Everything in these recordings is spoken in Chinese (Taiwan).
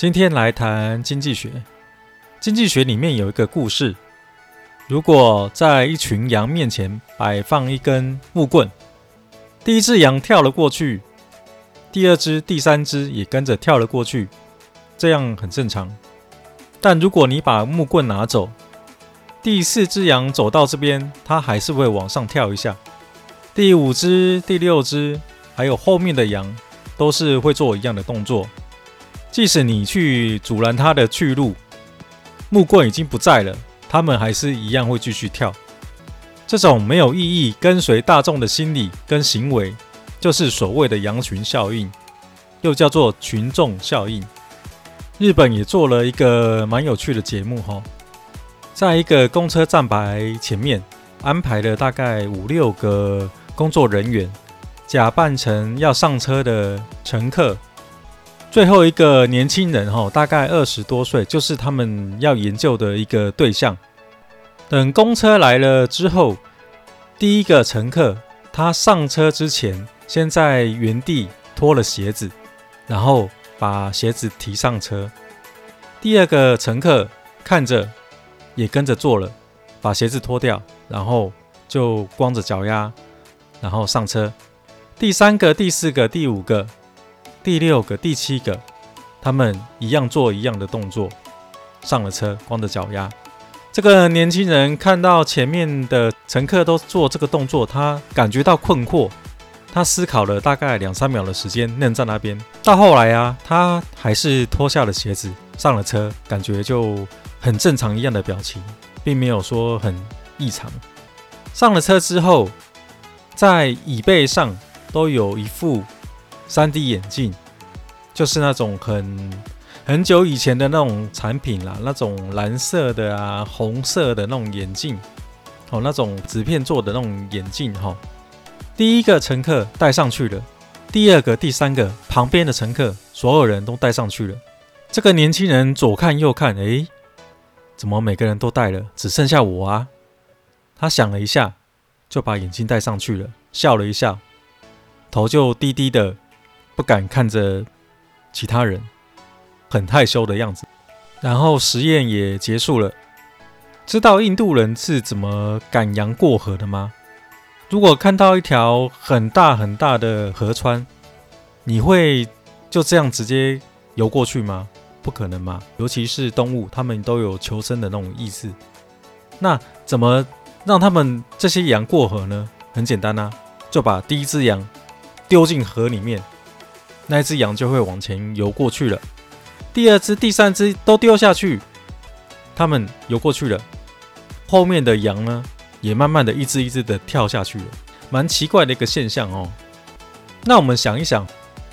今天來談經濟學。經濟學裡面有一個故事：如果在一群羊面前擺放一根木棍，第一隻羊跳了過去，第二隻、第三隻也跟着跳了過去，這樣很正常。但如果你把木棍拿走，第四隻羊走到這邊，它還是會往上跳一下。第五隻、第六隻，還有後面的羊，都是會做一樣的動作。即使你去阻攔他的去路，木棍已經不在了，他們還是一樣會繼續跳。這種沒有意義、跟隨大眾的心理跟行為，就是所謂的羊群效應，又叫做群眾效應。日本也做了一個蠻有趣的節目哈、哦，在一個公車站牌前面安排了大概五六個工作人員，假扮成要上車的乘客。最後一個年輕人，哈，大概二十多歲，就是他們要研究的一個對象。等公車來了之後，第一個乘客他上車之前，先在原地脫了鞋子，然後把鞋子提上車。第二個乘客看着也跟着做了，把鞋子脫掉，然後就光着腳丫，然後上車。第三個、第四個、第五個。第六個、第七個，他們一樣做一樣的動作，上了車，光着腳丫。這個年輕人看到前面的乘客都做這個動作，他感覺到困惑。他思考了大概兩三秒的時間，愣在那邊。到後來啊，他還是脫下了鞋子，上了車，感覺就很正常一樣的表情，並沒有說很異常。上了車之後，在椅背上都有一副。3D 眼鏡，就是那種很很久以前的那種產品啦，那種藍色的啊、紅色的那種眼鏡，哦，那種紙片做的那種眼鏡哈、哦。第一個乘客戴上去了，第二個、第三個旁邊的乘客，所有人都戴上去了。這個年輕人左看右看，誒、欸，怎麼每個人都戴了，只剩下我啊？他想了一下，就把眼鏡戴上去了，笑了一下，頭就低低的。不敢看着其他人，很害羞的樣子。然後實驗也結束了。知道印度人是怎麼趕羊過河的嗎？如果看到一條很大很大的河川，你會就這樣直接游過去嗎？不可能嗎？尤其是動物，他們都有求生的那種意識。那怎麼讓他們這些羊過河呢？很簡單啊，就把第一隻羊丟進河裡面。那隻羊就會往前游過去了，第二隻、第三隻都丟下去，他們游過去了。後面的羊呢，也慢慢的，一隻一隻的跳下去了。蠻奇怪的一個現象哦。那我們想一想，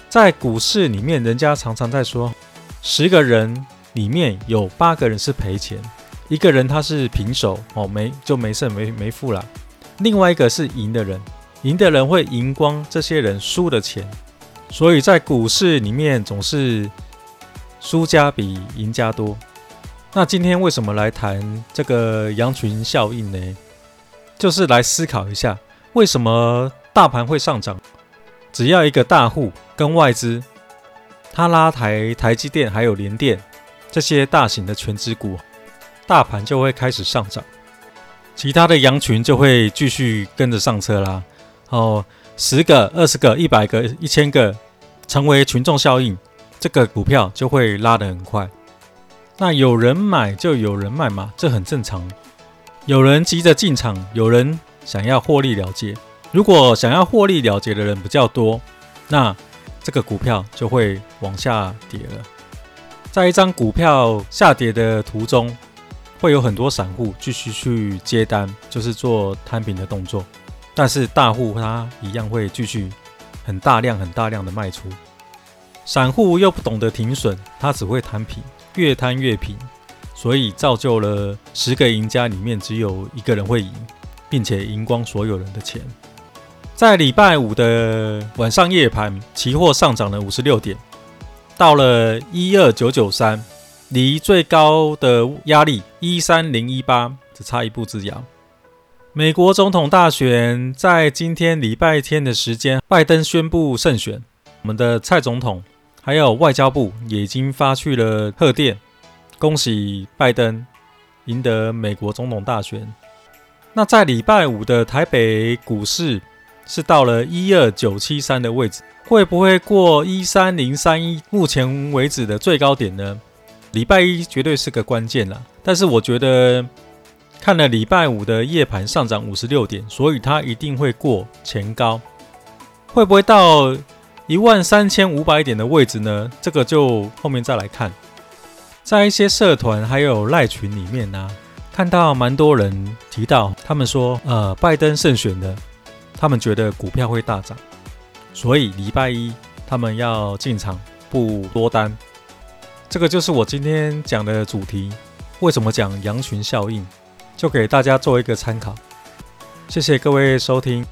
在股市裡面，人家常常在說，十個人裡面有八個人是賠錢，一個人他是平手哦，沒就沒剩，沒沒付了。另外一個是贏的人，贏的人會贏光這些人輸的錢。所以在股市裡面，總是輸家比贏家多。那今天為什麼來談這個羊群效應呢？就是來思考一下，為什麼大盤會上漲？只要一個大戶跟外資，他拉抬台積電，還有聯電這些大型的權值股，大盤就會開始上漲，其他的羊群就會繼續跟着上車啦。哦。十個、二十個、一百個、一千個，成為群眾效應，這個股票就會拉得很快。那有人買就有人賣嘛，這很正常。有人急着進場，有人想要獲利了結。如果想要獲利了結的人比較多，那這個股票就會往下跌了。在一張股票下跌的途中，會有很多散戶繼續去接單，就是做攤平的動作。但是大戶他一樣會繼續很大量、很大量的賣出，散戶又不懂得停損，他只會攤平，越攤越平，所以造就了十個贏家裡面只有一個人會贏，並且贏光所有人的錢。在禮拜五的晚上夜盤，期貨上漲了五十六點，到了一二九九三，離最高的壓力一三零一八只差一步之遙。美國總統大選在今天禮拜天的時間，拜登宣布勝選。我們的蔡總統還有外交部也已經發去了賀電，恭喜拜登贏得美國總統大選。那在禮拜五的台北股市是到了一二九七三的位置，會不會過一三零三一？目前為止的最高點呢？禮拜一絕對是個關鍵啦。但是我覺得。看了禮拜五的夜盤上漲五十六點，所以它一定會過前高，會不會到一萬三千五百點的位置呢？這個就後面再來看。在一些社團還有賴群裡面呢、啊，看到蠻多人提到，他們說，呃，拜登勝選的，他們覺得股票會大漲，所以禮拜一他們要進場不多單。這個就是我今天講的主題，為什麼講羊群效應？就給大家做一個參考，謝謝各位收聽。